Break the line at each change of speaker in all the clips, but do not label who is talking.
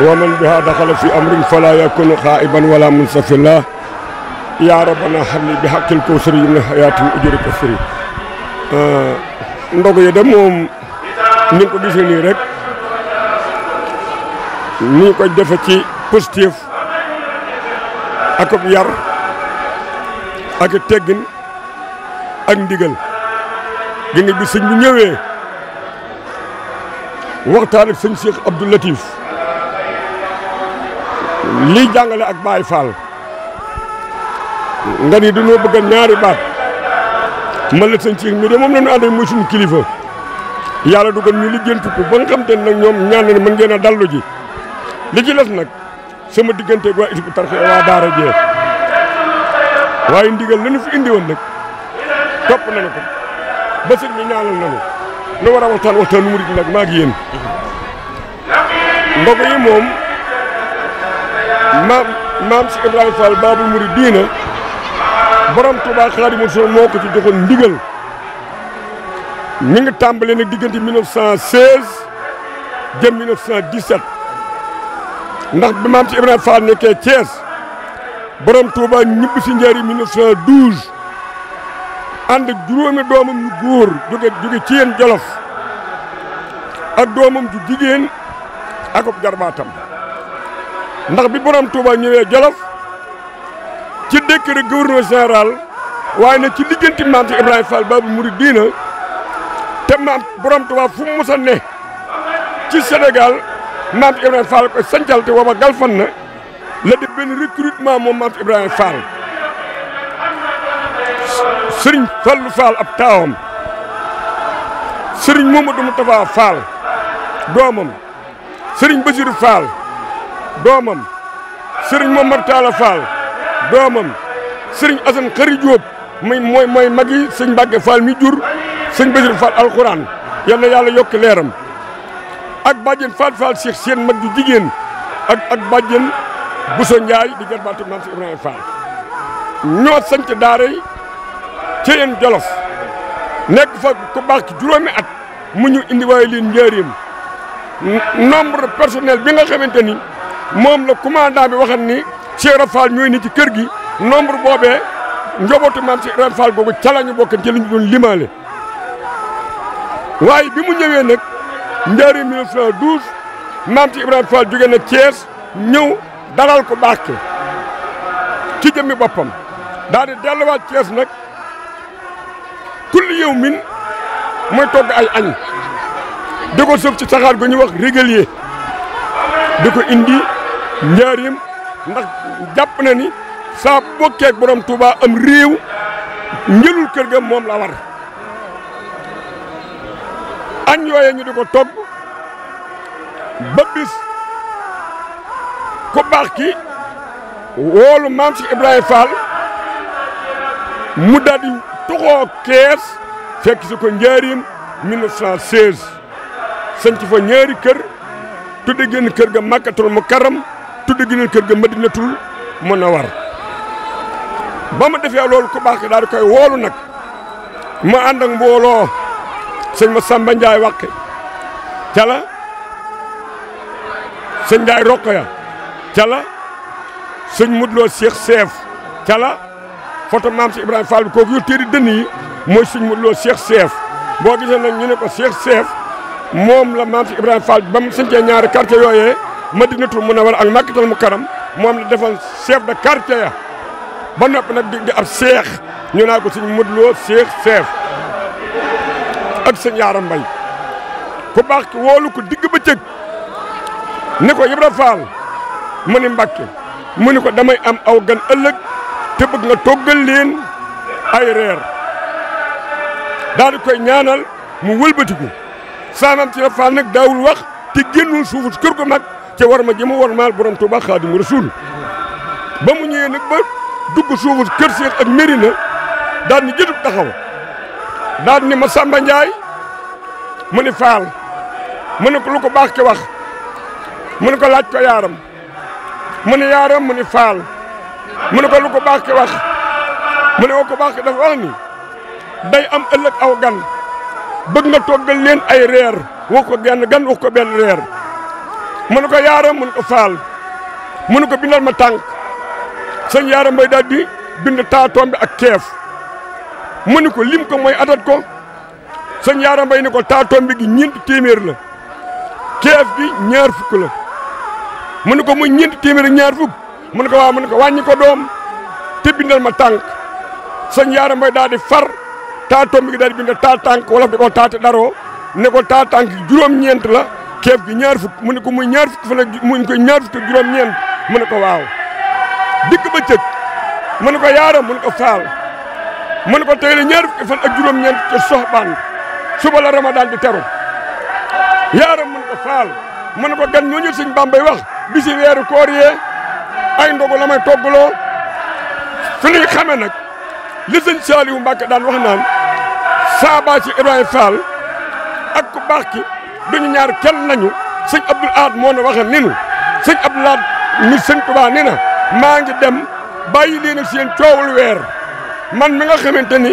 wa man biha daxala fi amrin fala yakunu xaa'iban wala munsafila yaa rabbana xam li bi xàkkil kawsar yi ne xayaatin ujuri kasri ndog yi de moom ni ko gisee nii rek ni ko defe ci positif ak ab yar ak teggin ak ndigal gi nga bi sëñ bu ñëwee waxtaan ak sëñ Cheikh lii jàngale ak Baye Fall nga ni dañoo bëgg ñaari baat man la sa ci ñu de moom la ñu àndee muy suñu kilifa yàlla dugal ñu lijjanti ko ba nga xam te nag ñoom ñaan na mën ngeen a ji li ci les nag sama diggante waa Hizbut Tarqiyyah waa Daara Jee waaye ndigal lañu fi indi woon nag topp nañu ko ba sëñ bi ñaanal nañu nu war a waxtaan waxtaanu murit nag maa ngi yéen mbokk yi moom. maam maam si Ibrahima Fall Baabul Muridiina borom Tuubaa Xaadimu Rasuul moo ko ci joxoon ndigal mi ngi tàmbalee nag diggante 1916 jëm 1917 ndax bi maam si Ibrahima Fall nekkee Thiès borom Tuubaa ñibbi si njëriñ 1912 ànd ak juróomi doomam yu góor jóge jóge ci yéen Jolof ak doomam ju jigéen akub jarbaatam ndax bi borom Touba ñëwee Jolof ci décret gouverneur général waaye nag ci diggante maam ci Ibrahima Fall Baabul Muridiina te maam borom Touba fu mu mës a ne ci Sénégal maam ci Ibrahima Fall ko sancal te wama galfan na la def benn recrutement moom maam ci Ibrahima Fall sëriñ Fallu Fall ab taawam sëriñ Mamadou Moustapha Fall doomam sëriñ Basiru Fall doomam sëriñ Momar Talla Fall doomam sëriñ Assane Xëri Diop muy mooy mooy mag sëñ Mbàkke Fall mi jur sëñ Bésir Fall alxuraan yal na yàlla yokk leeram ak bàjjen Fall Fall Cheikh seen mag ju jigéen ak ak bàjjen Bousso Ndiaye di jarbaatu maam si Ibrahima Fall ñoo sant daara yi ci nekk fa ku ci juróomi at mu ñu indi waaye leen njëriñ nombre bi nga xamante ni moom la commandant bi waxal ni Cheikh ni ci kër gi nombre boobee njobootu maam Cheikh Ibra Fall googu ca la ñu bokk ci la ñu limaale. waaye bi mu ñëwee nag njaari 1912 maam Cheikh Ibrahima Fall jóge na Thiès ñëw dalal ko Mbàkke ci jëmmi boppam daal di delluwaat Thiès nag kulli yow min mooy togg ay añ di ko sëf ci saxaar ñuy wax régulier di ko indi njaarim ndax jàpp na ni saa bokkeek borom Touba am réew njëlul kër ga moom la war añ yooye ñu di ko togg ba bis ku baax ki woolu maam si Ibrahima Fall mu daal di tuxoo kees fekk si ko njaarim 1916 sanc fa ñaari kër tudde génn kër ga Makkatul Mukarram tudde gi leen kër ga madinatul munawwar ba mu defee loolu ku baax daal di woolu nag mu ànd ak mbooloo sëñ ma Samba Ndiaye wàqe ca la sëñ Ndiaye Rokhaya ca la sëñ Mudloo Cheikh Seef ca la foto maam si Ibrahima Fall bi kooku yor téeri dënn mooy sëñ Seef boo gisee nag ñu ne ko Cheikh Seef moom la maam si Ibrahima Fall ba mu sëncee ñaari quartier yooyee madinatul munawwar ak makkatal mukarram moom la defal chef de quartier ya ba noppi nag di ab seex ñu naa ko suñu mëdloo seex seef ak sëñ Yaaram Mbay ku baax ki woolu ko digg ba cëg ni ko Ibra Faal mu ni Mbàkke mu ni ko damay am aw gan ëllëg te bëgg nga toggal leen ay reer daal di koy ñaanal mu wëlbatiku saanam ci Ibra Faal nag daawul wax te génnul suufu kër gu mag ce war ma ji mu war maal borom Tuuba Xaadimu Rasuul ba mu ñëwee nag ba dugg suufu ak Mérina daal ni jëtub taxaw daal ni ma Samba Ndiaye mu ni faal mu ne ko lu ko baax ki wax mu ne ko laaj ko yaaram mu ne yaaram mu ni faal mu ne ko lu ko baax ki wax mu ne woo baax dafa wax ni day am ëllëg aw gan bëgg nga toggal leen ay reer wax ko genn gan wax ko benn reer mu ne ko yaara mu ko faal mu ne ko bindal ma tànk sëñ yaara mbay daal di bind taatoom bi ak keef mu ne ko lim ko mooy adat ko sëñ yaara mbay ni ko taatoom bi gi ñeenti téeméer la keef gi ñaar fukk la mu ne ko muy ñeenti téeméer ñaar fukk mu ne ko waaw ne ko wàññi ko doom te bindal ma tànk sëñ yaara mbay daa di far taatoom bi gi daal di bind taa tànk wala di ko taate daroo ne ko taa tànk juróom-ñeent la ceeb gi ñaar fukk mu ne ko ñaar fukk mu ne ko ñaar fukk juróom-ñeent mu ne ko waaw dikk ba cëg mu ne ko yaaram mu faal mu ne ko tey la ñaar fukki fan ak juróom-ñeent ca soxbaan suba la ramadan di teru yaaram mu ne ko faal mu ne ko gan ñoo ñu sëñ Bambay wax bisi weeru koor yee ay ndogu la may toggaloo fi ñuy xamee nag li sëñ Saliou Mbacke daan wax naan saabaa ci Ibrahima Fall ak ku baax ki duñu ñaar kenn nañu sëñ Abdoul Ahad moo ne waxe ninu sëñ Abdoul Ahad mi sëñ Tuubaa ni maa ngi dem bàyyi leen ak seen coowul weer man mi nga xamante ni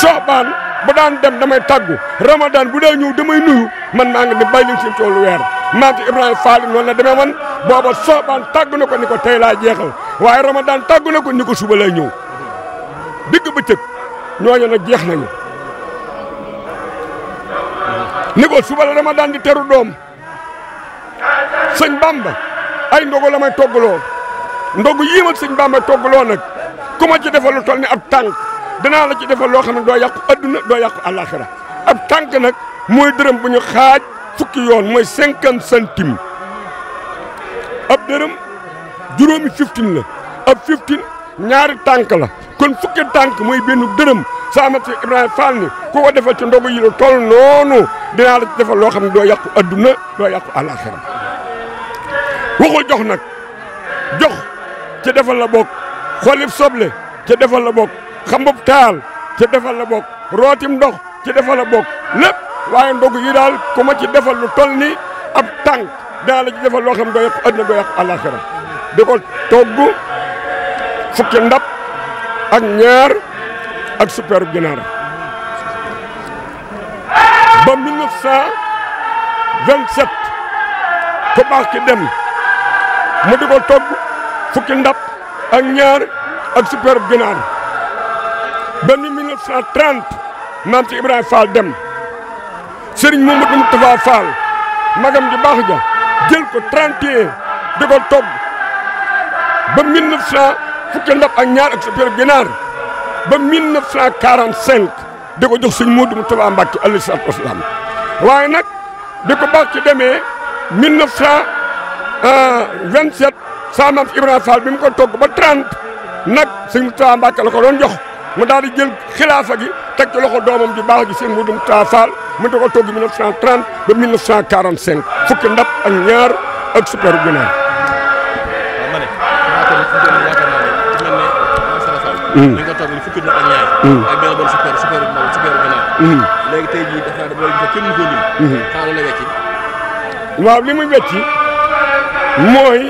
soxbaan bu daan dem damay tàggu ramadan bu dee ñëw damay nuyu man maa ngi dem bàyyi leen seen coowul weer maam ci Ibrahima Fall noonu la demee man booba soxbaan tàggu na ko ni ko tey laa jeexal waaye ramadan tàggu na ko ni ko suba lay ñëw digg bëccëg ñooñu nag jeex nañu ni ko suba la dama daan di teru doom sëñ Bamba ay ndogu la may toggaloo ndogu yii ma sëñ Bamba toggaloo nag ku ma ci defal lu toll ni ab tànk danaa la ci defal loo xam ne doo yàqu adduna doo yàqu àllaaxira ab tànk nag mooy dërëm bu ñu xaaj fukki yoon mooy cinquante centimes ab dërëm juróomi fifteen ab fifteen ñaari tànk la kon fukki tànk mooy benn dërëm sa amat si Ibrahima Fall ni ku ko defal ci ndogu yi la toll noonu dinaa la defal loo xam ne doo yàqu adduna doo yàqu àllaaxira waxul jox nag jox ci defal la bokk xolib soble ci defal la bokk xambub taal ci defal la bokk rootim ndox ci defal la bokk lépp waaye ndogu yi daal ku ma ci defal lu toll ni ab tànk dinaa la ci defal loo xam doo yàqu adduna doo yàqu àllaaxira di ko togg fukki ndab ak ñaar ak suppeeru ginaar ba 1927 ku baax ki dem mu di ko togg fukki ndab ak ñaar ak suppeeru ginaar ba ni 1930 maam ci Ibrahima Fall dem Serigne Mamadou Moustapha Fall magam ji baax ja jël ko 31 di ko togg ba 1900. fukki ndab ak ñaar ak sa pérob ginaar ba 1945 di ko jox sëñ Modou Moustapha Mbacké alayhi salaatu wasalaam waaye nag di ko baax ci demee 1927 saamam Ibrahima Fall bi mu ko togg ba 30 nag sëñ Moustapha Mbacké la ko doon jox mu daal di jël xilaafa gi teg ci loxo doomam ju baax ji sëñ Modou Moustapha Fall mu di ko togg 1930 ba 1945 fukki ndab ak ñaar ak sa pérob ginaar Mm. dañ ko toggal fukki nit ak ñaar mm. ak benn bon super super mbaam super gannaaw mm. mm-hmm. muy wecci mooy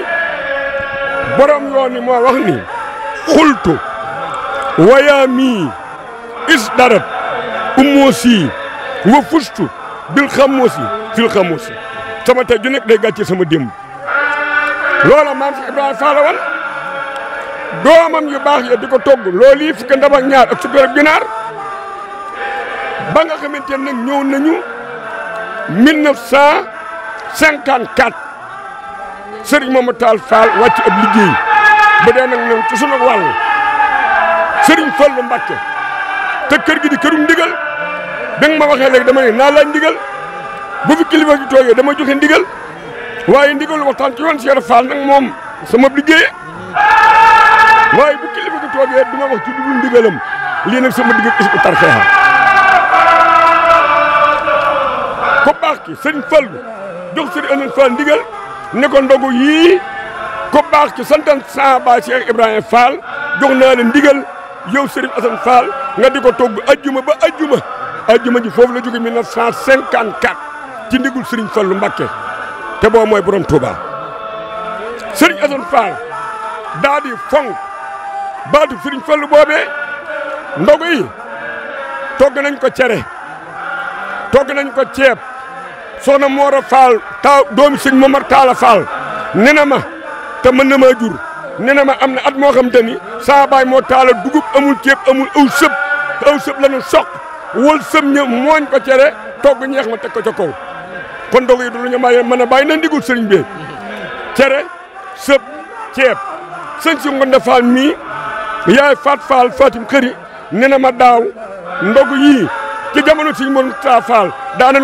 borom yoon moo wax ni xultu wayaa is darat umoosi wa fustu bil xamoosi fil xamoosi sama tey ju nekk day sama démb loola maam si Ibrahima Fall wan doomam yu baax ya di ko togg loolu yi fukki ndab ak ñaar ak fukki ak ginaar ba nga xamante ne nag ñëw nañu 1954 Serigne Mamadou Tall Fall wàcc ab liggéey ba dee nag ñoom ci sunu wàll Serigne Fallou Mbacké te kër gi di kërum ndigal da nga ma waxee léegi dama ne naa laaj ndigal fi kilifa gi dama joxe ndigal waaye ndigal waxtaan ci yoon Cheikh Fall nag moom sama liggéey. waaye bu kilifa gi toogee du ma wax ci dugub ndigalam lii nag sama digg Hizbut Tarqiyyah ko baax ki sëñ Fallu jox sëñ Alioune Fall ndigal ne ko ndogu yii ko baax ki santan sa ba Cheikh Ibrahima Fall jox naa la ndigal yow Serigne Assane Fall nga di ko togg ajjuma ba ajjuma ajjuma ji foofu la jóge 1954 ci ndigul Serigne Fallou Mbacké te boo mooy borom Touba Serigne Assane Fall daa di fonk baatu Sëriñ Fallu boobee ndogu yi togg nañ ko cere togg nañ ko ceeb na Moora Fall ta doomi sëñ Momar Taala Fall ne na ma te mën na maa jur ne na ma am na at moo xam te ni saa baay moo taala dugub amul ceeb amul aw sëb aw sëb la ñu soq wol sëb ñë mooñ ko cere togg ñeex ma teg ko ca kaw kon ndogu yi du lu ñu may mën a bàyyi na ndigul sëriñ bi cere sëb ceeb sëñ si Ngonda Fall mii yaay Fat Fall Fatim Këri nee na ma daaw ndogu yii ci jamono Sëñ Mourtada Fall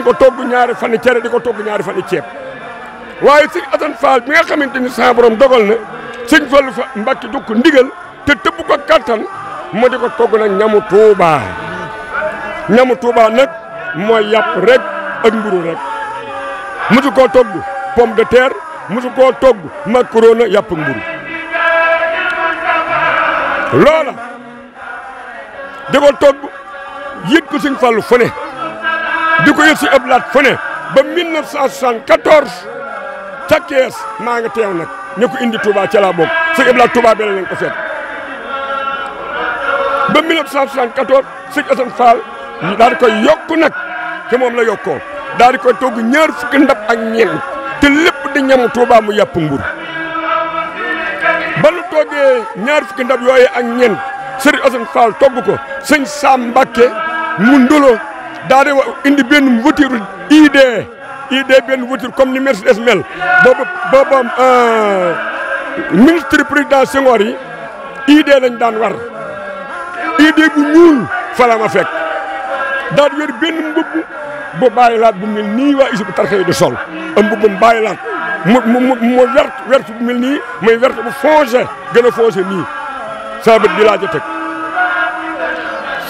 ko togg ñaari fan cere di ko togg ñaari fan ceeb waaye Sëñ Assane Fall bi nga xamante ni sa borom dogal na Sëñ Fallu fa Mbàkke dugg ndigal te tëbb ko kattan mu di ko togg nag ñamu Tuuba ñamu Tuuba nag mooy yàpp rek ak mburu rek musu koo togg pomme de terre musu koo togg macaroni yàpp mburu loola da ko togg yët ko sëñ Fallou fëne di ko yët si Abdou Lahad fëne ba 1974 ca kees maa nga teew nag ne ko indi Touba ca laa bokk sëñ Abdou Lahad Touba benn lañ ko seet ba 1974 sëñ Assane Fall daal di yokku nag te la yokkoo daal di koy togg ñaar fukki ndab ak ñeent te lépp di ñam Touba mu yàpp mbur toggee ñaar fukki ndab yooyu ak ñen Serigne Assane Fall togg ko sëñ Sam Mbakke mu ndolo daa indi benn voiture ID ID benn voiture comme ni Mercedes mel boobu boobu euh, ministre président Senghor yi ID lañ daan war ID bu ñuul fa la fekk daal di wér benn mbubb bu bu mel nii waa Hizbut Tarqiyyah di sol am mbubbam mu mu mu werte werte bu mel nii mooy werte bu foncé gën a foncé nii saa bët bi laa ca teg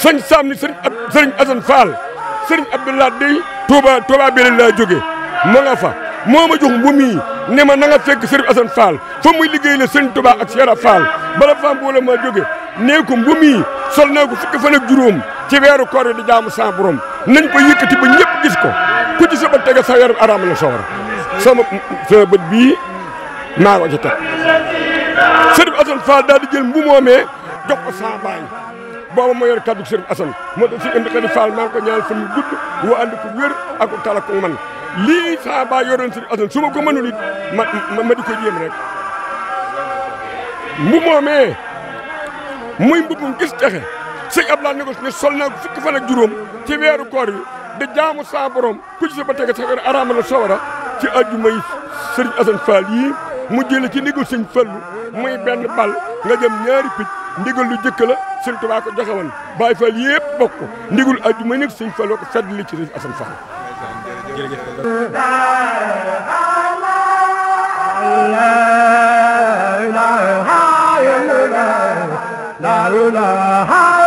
sëñ Saam ni sëriñ ab sëriñ Assane Fall sëriñ Abdoulaye Dey Touba Touba Belel laa jóge ma fa moo ma jox mbuum ne ma na nga fekk sëriñ Assane Fall fa muy liggéey la sëriñ Touba ak Cheikh Fall bala faam boola nee ko mbuum sol naa ko fukki fan ak juróom ci weeru koor yi di jaamu sa borom nañ ko yëkkati ba ñëpp gis ko ku ci sa ba tege sa yaram araam la sawara sama sama bët bii naa ko ci teg Serigne Assane di jël mbu jox ko saa baay ma yor kaddu Serigne Assane moo tax si indi kaddu Fall maa ngi ko ñaan fan mu gudd wér ak ko tala ko man lii saa baay yoroon Serigne Assane ko mënul ma ma jéem rek mbu muy mbu gis texe sëñ Abdoulaye ne ko sol naa fukki fan ak juróom ci weeru koor yi da jaamu saa borom ku ci sa ba tege araama la sowara ci àjjuma yi sëriñ Assane Fall mu jële ci ndigal sëñ Fallu muy benn bal nga jëm ñaari picc ndigal lu jëkk la sëñ Tuubaa ko joxe woon Baay Fall yépp bokk sëñ Fallu ko fedd li ci sëriñ Assane Fall